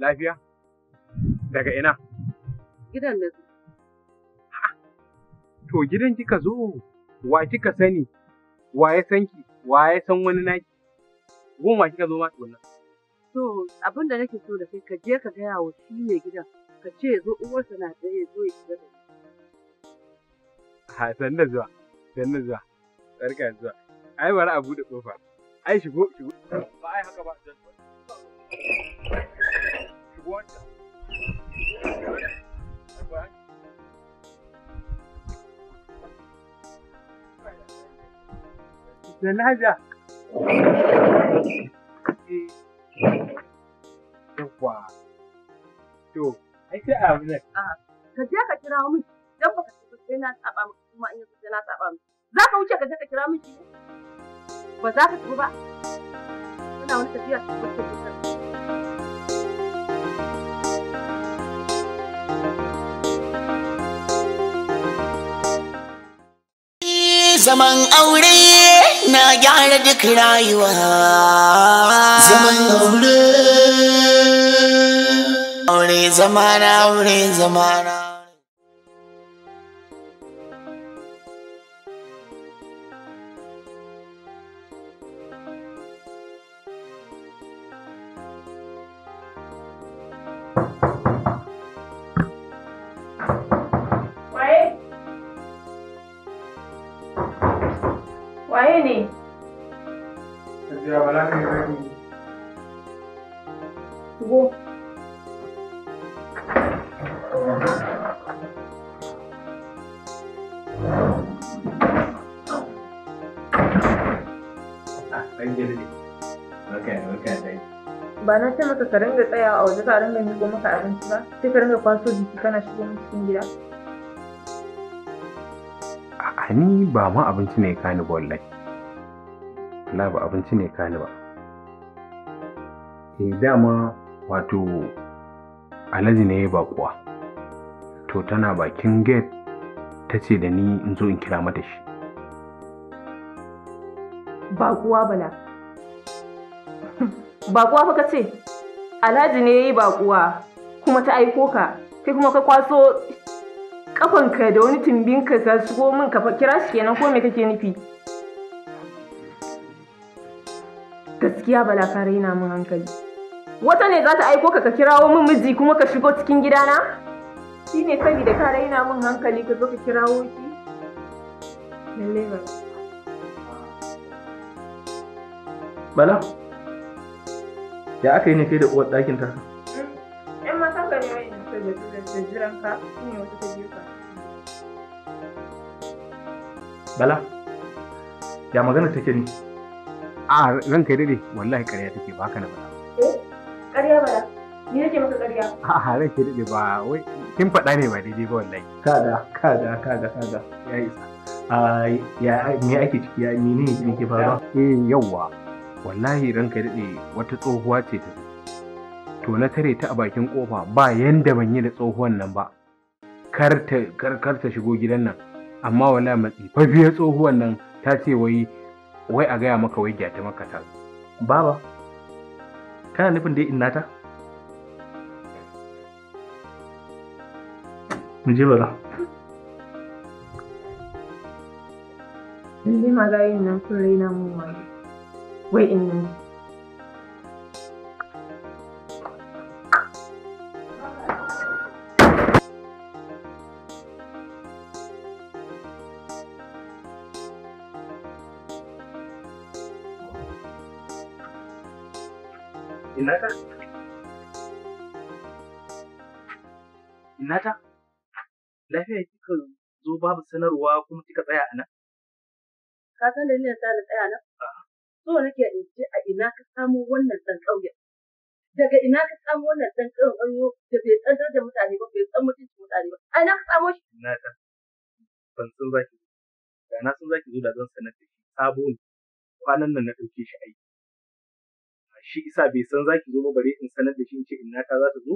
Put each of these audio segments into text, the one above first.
Lafiya? Daga ina? Gidan na zo. To gidan kika zo, wa kika sani, wa ya san ki, wa ya san wani naki? Gun wa kika zo ma wannan. To abin da nake so da kai ka je ka gaya wa shi ne gidan, ka ce zo uwarsa na ya zo ya shiga da Ha san da zuwa, san da zuwa, tsarka zuwa. Ai bari a buɗe ƙofa. Ai shigo, shigo. Ba ai haka ba. Thank you. what? Da Naja. Eh. Yawwa. To, ai sai abu Ka je ka kira mu dan baka ci sai na saba mu kuma in na saba mu. Za ka wuce ka je ka kira mu Ba za ka tafi ba. Ina wani tafiya ta tafi. zaman aure na gyara duk rayuwa zaman aure aure zamana aure zamana a waje ka ringa miko maka abinci ba sai ka ringa kwaso jiki kana shigo mu cikin gida a ni ba ma abinci ne kani ba wallahi la ba abinci ne kani ba eh dama wato alaji ne ba kuwa to tana bakin gate ta ce da ni in zo in kira mata shi ba kuwa bala ba kuwa fa ka ce Alhaji ne ya yi baƙuwa kuma ta aiko ka, Sai kuma ka kwaso ƙafanka da wani tumbin ka shigo min ka kira shi kenan ko me kake nufi? Gaskiya bala ka raina min hankali. Wata ne za ta aiko ka ka kirawo min miji kuma ka shigo cikin gidana? Shi ne da ka raina min hankali ka zo ka kirawo shi? Lallai ba. Bala. ya aka yi ne kai da uwar ɗakin ta yan mata ka ne da jiran ka ne wata ta biyu ka bala ya magana take ne a ran kai dade wallahi ƙarya take ba ka na bala eh? ƙarya bala ni nake maka ƙarya a ran kai dade ba wai kin faɗa ne ba daidai ba wallahi kada kada kada kada ya isa ya me ake ciki ya menene ne ke faruwa eh yawwa wallahi ranka daɗe wata tsohuwa ce ta to na tare ta a bakin kofa ba yanda ban yi da tsohuwan nan ba kar ta shigo gidan nan amma wallahi matsi fafiyar tsohuwan nan ta ce wai wai a gaya maka wai gyata maka ta baba kana nufin dai ta? mu je bara Ni ma ga yin nan kun raina mun wa'innan Inata? Inata? Lafiya kika zo babu sanarwa kuma kika tsaya a nan? Ka san dalilin sa na tsaya nan? so nake in ce a ina ka samo wannan dan ƙauyen daga ina ka samo wannan ɗan ƙauyen ƙauyo da bai san da mutane ba bai san mutunci mutane ba a ina ka samo shi na ta ban san zaki da na san zaki zo da zan sanar da shi sabo ne kwanan nan na ɗauke shi aiki shi isa bai san zaki zo ba bare in sanar da shi in ce ina ta za ta zo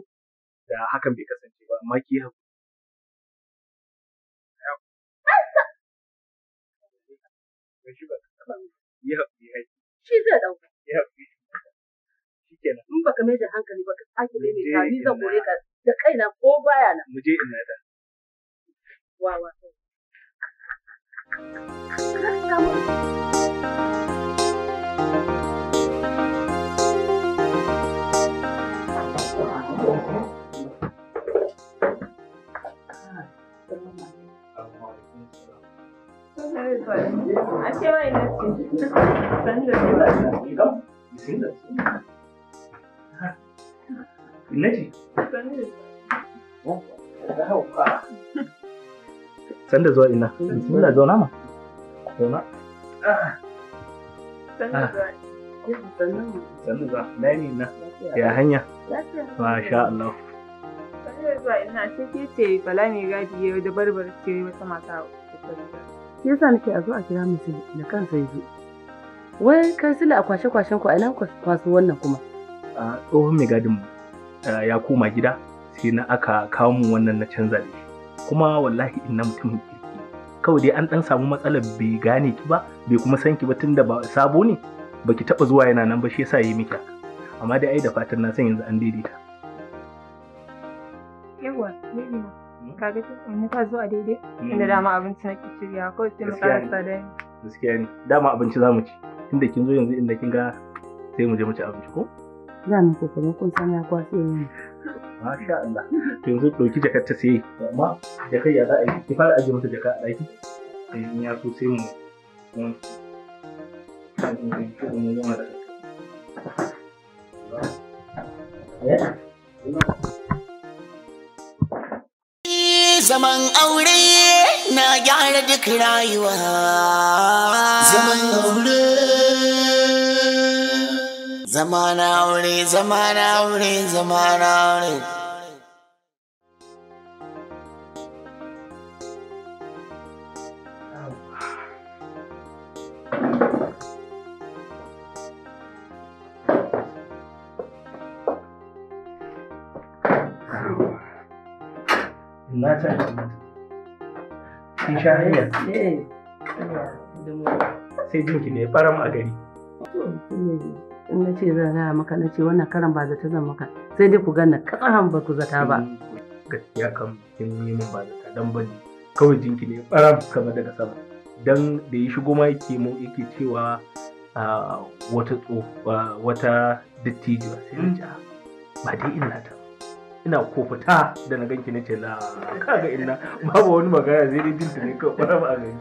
da hakan bai kasance ba amma ki haku Yeah, yeah. shi zai dauka mai da hankali ba ka sake mai zan da kaina ko baya na Thank you. 頭になって、なんだろう。いいかいいんだ。Nadi. San da zuwa ina. Bismillah zauna ma. Zauna. San da zuwa. San na. Ya hanya. Masha Allah. San da zuwa ina sai ce bala mai gadi ya da barbar ce wata mata. shi yasa nake a zo a kira mu da kansa yaje wai kai sila a kwashe kwashen ku a nan kwaso wannan kuma a tsohon mai gadin ya koma gida sai na aka kawo mu wannan na canza da kuma wallahi inna mutum kirki kawai dai an dan samu matsalar bai gane ki ba bai kuma san ki ba tunda ba sabo ne baki taba zuwa yana nan ba shi yasa yi miki amma dai ai da fatan na san yanzu an daidaita yawa ne ka ga mu ka zo a daidai inda dama abinci na shirya ko sai mu karasa da gaskiya ne dama abinci zamu ci tunda kin zo yanzu inda kin ga sai mu je mu ci abinci ko za mu ko kokari kun san ya kwatse ne masha Allah to yanzu ɗauki jakar ta sai amma jakar ya za a yi ki fara aje mata jaka a ɗaki in ya so sai mu Yeah. zaman aure na gyara duk rayuwa zaman aure zaman aure zaman aure zaman aure na ci abinci kin sha hanya eh, sai jinki ne faram a gari in na ce zan gaya maka na ce wannan karan ba zata zan maka sai dai ku gana katsahan ba ku zata ba gaskiya kam kin yi min ba zata dan bane kawai jinki ne faram kama daga sama dan da ya shigo ma yake mu yake cewa ah, wata wata dattijuwa sai na ah, ba dai illa ta ina ko fita da na ganki nace la kaga ina babu wani magana zai bin ta ne kawai bara ba a gani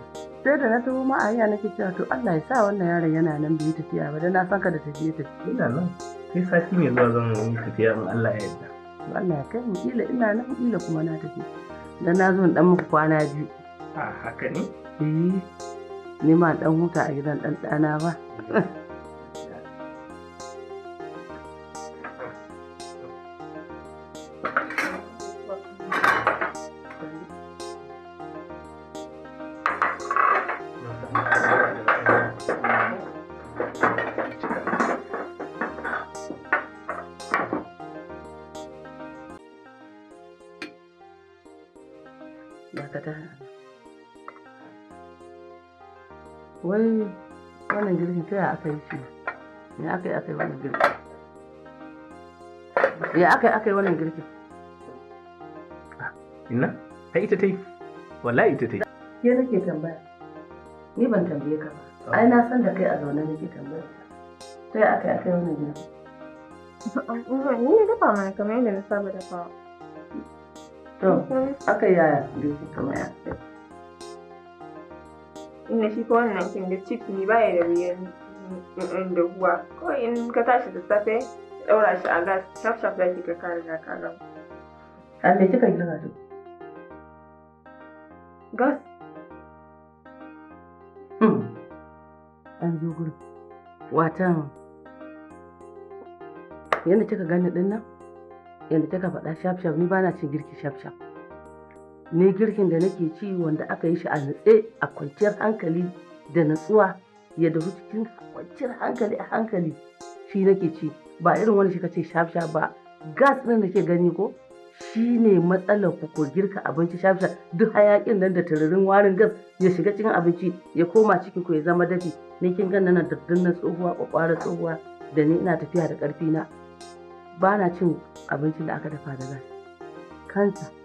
sai da na taho ma ayya nake cewa to Allah ya sa wannan yaron yana nan bai tafiya ba dan na san ka da tafiye ta ina nan sai sati mai zuwa zan yi tafiya in Allah ya yarda Allah ya kai mu kila ina nan ila kuma na tafi dan na zo in dan muku kwana biyu a haka ne eh ni ma dan huta a gidan dan dana ba aka yi shi ya aka yi aka yi wannan girki ya aka yi aka yi wannan girki ina ta ita ta yi wallahi ita ta yi ke nake tambaya ni ban tambaye ka ba oh. ai na san da kai a zaune nake tambaya ta yi aka yi aka yi wannan girki ni ne dafa mana kamar yadda na saba dafawa to mm-hmm. aka yi yaya girki kamar ya inda shi ko wannan kin da ciki ya da wuyan dahuwa kawai in ka tashi da safe ka ɗaura shi a gas shaf shaf zaki ka kare da ka gama. A me kika girka to? Gas. An zo gurin. Watan yadda kika gani din nan yadda kika faɗa shaf shaf ni bana cin girki shaf shaf. Ni girkin da nake ci wanda aka yi shi a nutse a kwanciyar hankali da natsuwa yadda dahu cikin kwanciyar hankali a hankali shi nake ci ba irin wani shi ka shaf shaf ba gas ɗin da ke gani ko shi ne matsalar ku ko girka abinci shaf duk hayakin nan da tararin warin gas ya shiga cikin abinci ya koma ciki ko ya zama dafi ni kin ga nan da dinnan tsohuwa kwakwara tsohuwa da ni ina tafiya da karfi na bana cin abincin da aka dafa da gas kansa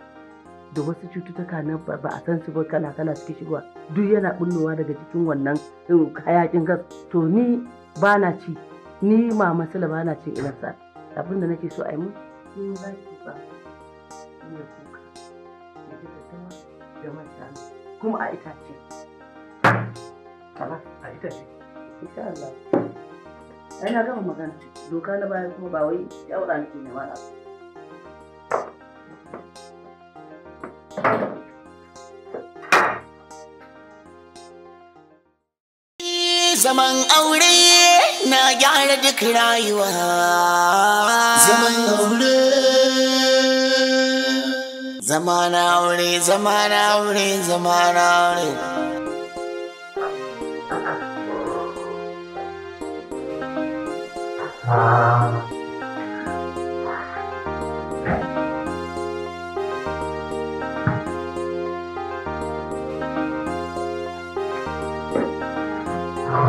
da wasu cututtuka na ba a san su ba kala kala suke shigowa duk yana bullowa daga cikin wannan eh, hayakin gas to ni ba na ci ni mama sala ba na cin Abin abinda nake so a yi mun ni za ki ba ina kuka da ji tattama da man shanu kuma a itace a itace insha Allah ai na gama magana doka na baya kuma ba wai yaura nake ne ba zaman aure na gyara duk rayuwa zaman aure zaman aure zaman aure zaman aure Ah 呢？呢？怎么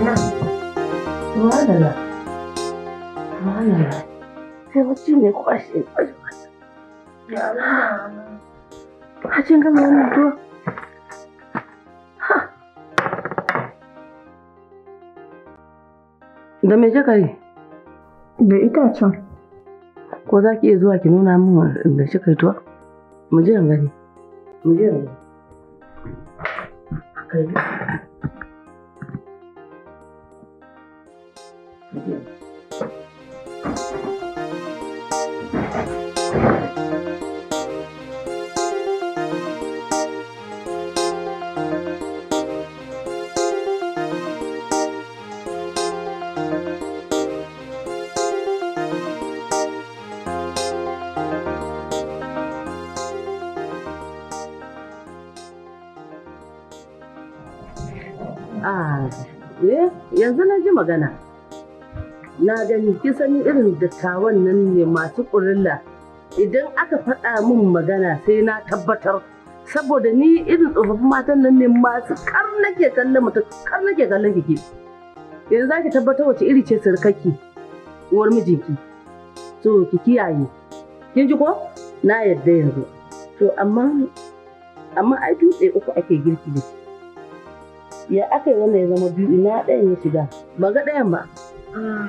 了呢？怎么了？这我真没花心。完了，还进个美女桌。Da me kika yi? Da itacen. Ko za ki iya zuwa ki nuna min da kika yi tuwa? Mu je in gani. Mu je in gani. magana na gani kin san irin dattawan nan ne masu ƙurilla idan aka faɗa min magana sai na tabbatar saboda ni irin tsofaffin matan nan ne masu kar nake kallon mutum kar nake kallon kike yanzu zaki tabbatar wace iri ce sirkaki uwar mijinki to ki kiyaye kin ji ko na yadda yanzu to amma amma ai dutse uku ake girki da shi ya aka yi wanda ya zama biyu ina ɗayan ya shiga ba ga ɗayan ba ah.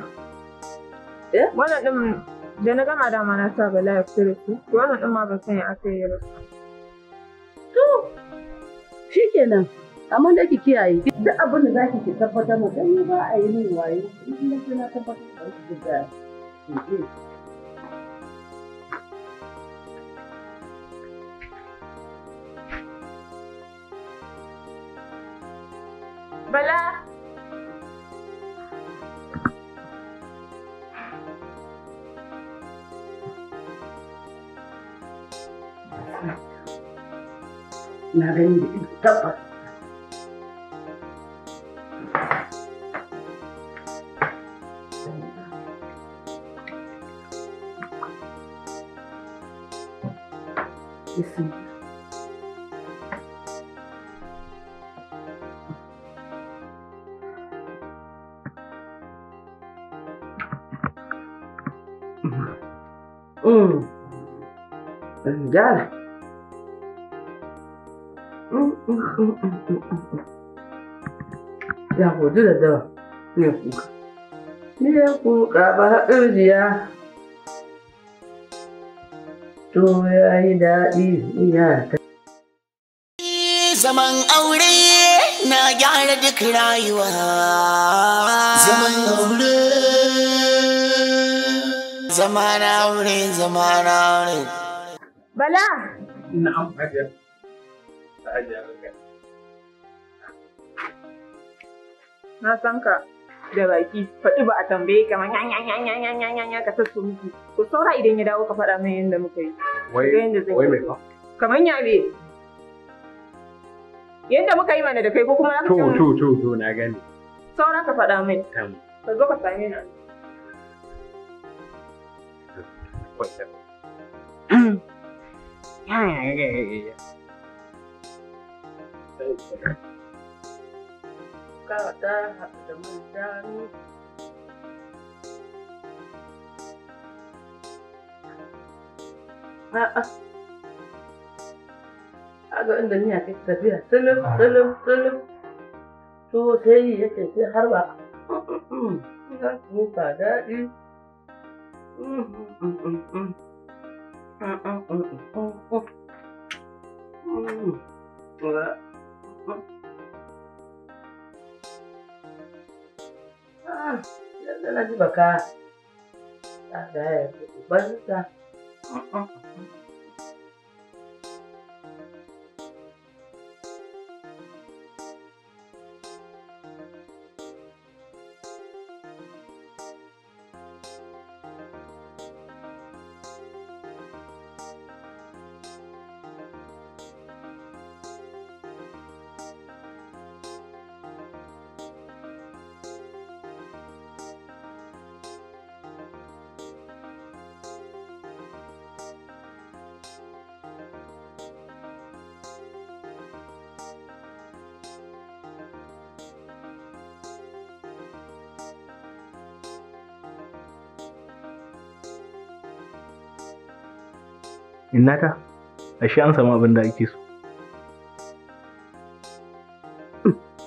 eh? wannan ɗin da na gama dama na sa ba laif fito da su wannan ɗin ma ba san ya aka yi ba to shi kenan amma da ki kiyaye duk abin da zaki ki tabbatar mu dan ba a yi min wayo in na tabbatar da ki da Bala! Na ini din gyara ya hoji da dawa ne kuka ne kuka ba ƙirjiya to yayi yi daɗi ya ta zaman aure na gyara duk rayuwa zaman aure zaman aure Bala! Na'am, Hajiya. Hajiya Na san ka da baki, faɗi ba a tambaye ka manya ka sassu miki. Ko saura idan ya dawo ka faɗa min yadda muka yi. Wai mai fa? Kamar yabe. Yadda muka yi mana da kai ko kuma za ka To, to, to, to, na gane. Saura ka faɗa min. Ka zo ka same ni. kayak ah, gitu iya, iya, iya. kalau dah udah muda nih Aga inda ni ake tafiya tulum tulum tulum to sai yi yake sai Ah, Yanzu na ji baka ta ah, da ya Inna ta, ashe an samu abin da ake so.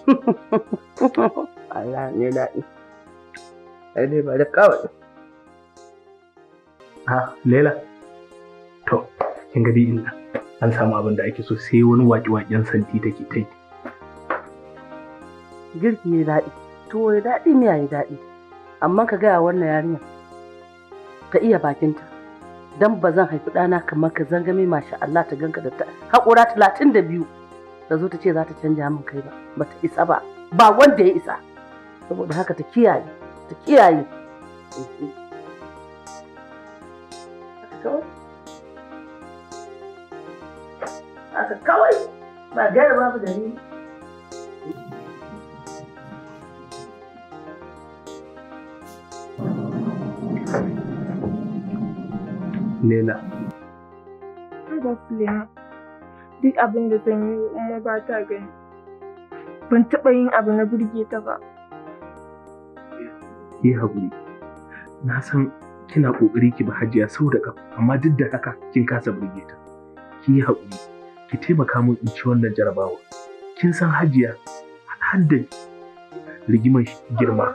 Allah ne daɗi. Ai ba da kawai. Ha, Lela. To, kin gadi inda An samu abin da ake so sai wani waƙe-waƙen santi take ta yi. Girki ya daɗi, to ya daɗi ne ya yi daɗi. Amma ka gaya wannan yarinya ta iya bakinta. dan ba zan haifi ɗana kamar ka zangame masha Allah ta ganka da ta haƙura talatin da biyu da zo ta ce za ta canja min kai ba ba ta isa ba ba wanda ya isa saboda haka ta kiyaye ta kiyaye haka kawai ba gaira babu dalili Lela. yin abu na burge ba. san kina ƙoƙari ki ba hajiya sau da ƙafa, amma duk da haka kin kasa burge ta. Ki haƙuri, ki taimaka min in ci wannan jarabawa. Kin san hajiya, rigimar girma.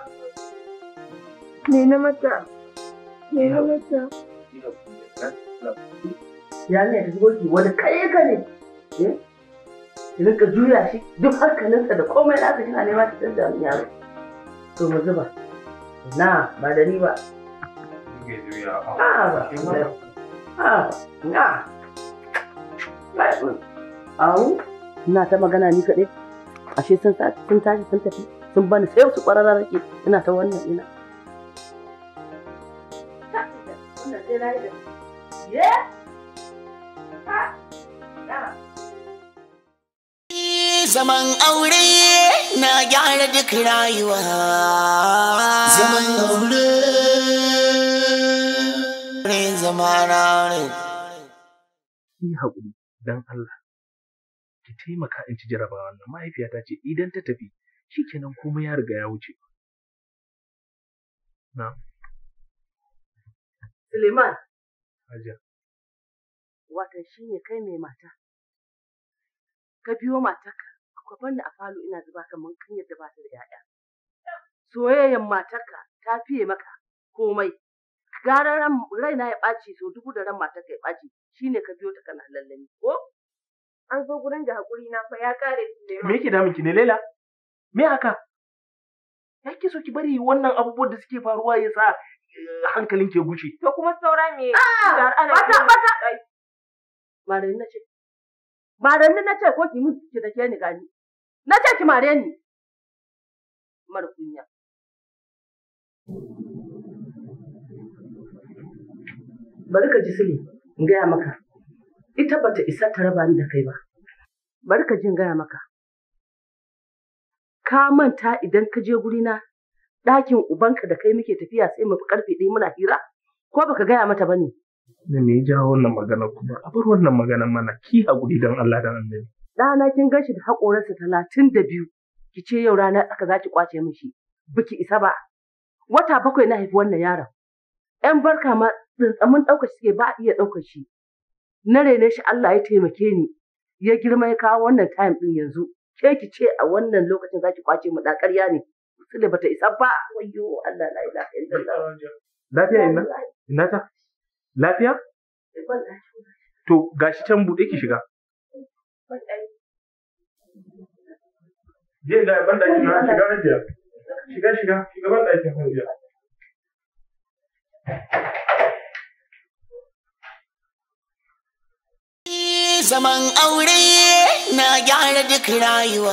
Me mata? yarinya ta shigo ki wani kare ka ne eh? ki rinka juya shi duk hankalinsa da komai nasa kina nema ta canza min yaro to mu zuba na ba da ni ba a ba a na Awu, ina ta magana ni kaɗai, ashe sun tashi sun tafi, sun bani sai su ƙwararra rake ina ta wannan ina. Wannan sai Zaman aure na gyara duk rayuwa. Zaman aure zama na Ki haƙuri don Allah, ki taimaka in ci jarabawa nan mahaifiyata ce idan ta tafi shi kenan komai ya riga ya wuce. Na. Suleiman, Hajiya. Watan shi ne kai mai mata. Ka biyo matarka, ka banni a falo ina zuba kamar kan yadda ba ta da 'ya'ya. Soyayyen matarka ta fiye maka komai. Gara raina ya ɓaci so dubu da ran matarka ya ɓaci shi ne ka biyo ta kana lallami ko? An zo gurin da haƙuri na fa ya ƙare Suleiman. Me yake damun ki ne Laila? Me haka? Ya ke so ki bari wannan abubuwan da suke faruwa ya sa hankalin ke guce. To kuma saura me? Ah, bata bata. Mare na ce. na ce ko ki mun ki ke ni gani. Na ce ki mare ni. Mara kunya. Bari ka ji sule in gaya maka. Ita bata isa ta raba ni da kai ba. Bari ka jin gaya maka. Ka manta idan ka je gurina ɗakin ubanka da kai muke tafiya sai mu karfe ɗaya muna hira ko baka gaya mata ba ne. me ya wannan magana kuma a bar wannan magana mana ki haƙuri don Allah da annabi. Ɗana kin gashi da haƙorarsa talatin da biyu ki ce yau rana aka za ki kwace mishi biki isa ba. Wata bakwai na haifi wannan yaron. ‘Yan barka ma tsantsamin ɗaukar shi ba a iya ɗaukar shi. Na rene shi Allah ya taimake ni ya girma ya kawo wannan time ɗin yanzu. Ke ki ce a wannan lokacin za ki kwace mu da ƙarya ne. sule bata isa ba Allah la ilaha illallah lafiya ina ina ta lafiya to gashi can bude ki shiga Jin da ban daki na shiga rajiya. Shiga shiga shiga ban daki na rajiya. Zaman aure na gyara duk rayuwa.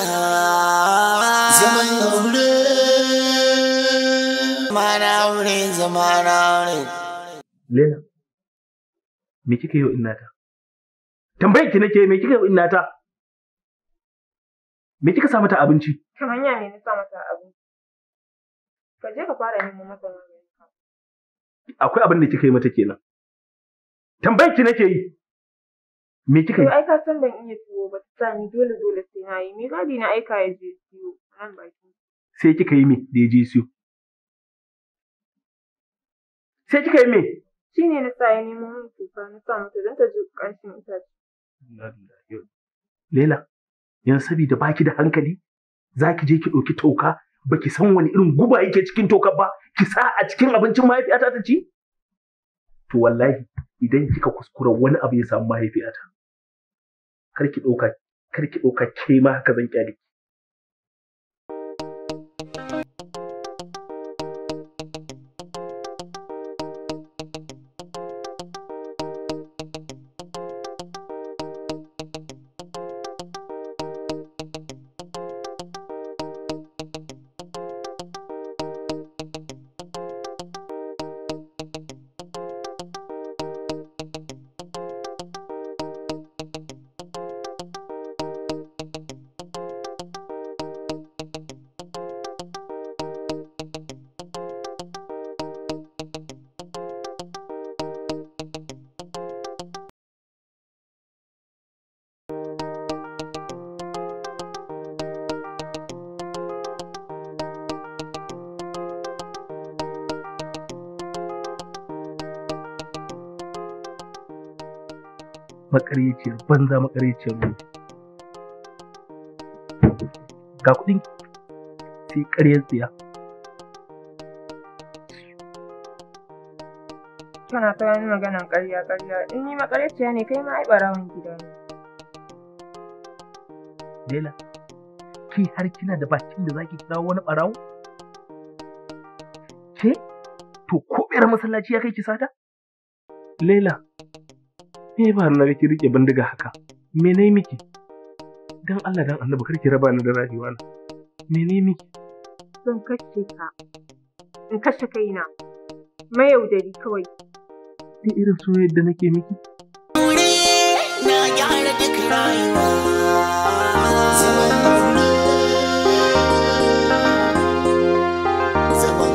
Zaman aure. Mana aure, zaman aure. Lela, me kika yi wa innata? Tambayar ki nake me kika yi wa innata? Me kika sa mata abinci? Ta hanya ne na sa mata abinci. Ka je ka fara yin mata wani. Akwai abin da kika yi mata kenan. Tambayar ki nake yi. Me kika yi? Ai ka san ban iya tuwo ba, ta ni dole dole sai na yi. Me gadi na aika ya je siyo nan baki. Sai kika yi me da ya je siyo? Sai kika yi me? Shi ne na sa ya nemo min tufa na sa mata don ta ji ƙanshin itace. Lela, yanzu sabida baki da hankali, za ki je ki ɗauki toka ba ki san wani irin guba yake cikin tokar ba ki sa a cikin abincin mahaifiyata ta ci to wallahi idan kika kuskura wani abu ya samu mahaifiyata kar ki ɗauka kar ki ɗauka ke ma haka zan kyale makaryaciyar banza makaryaciyar ne. ga kuɗin sai karyar tsiya kana ta yi magana ƙarya ƙarya in ni makaryaciya ne kai ma ai barawan gida ne Laila, ke har kina da bakin da zaki kira wani ɓarawo? Ke? To, ko ɓera masallaci ya kai ki sata? Laila, me ba na ki rike bindiga haka me nayi miki dan Allah dan annabi kar ki raba ni da rayuwa na me nayi miki zan kashe ka in kashe kaina mayaudari kawai da irin so da nake miki na gyara duk rayuwa zaman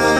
aure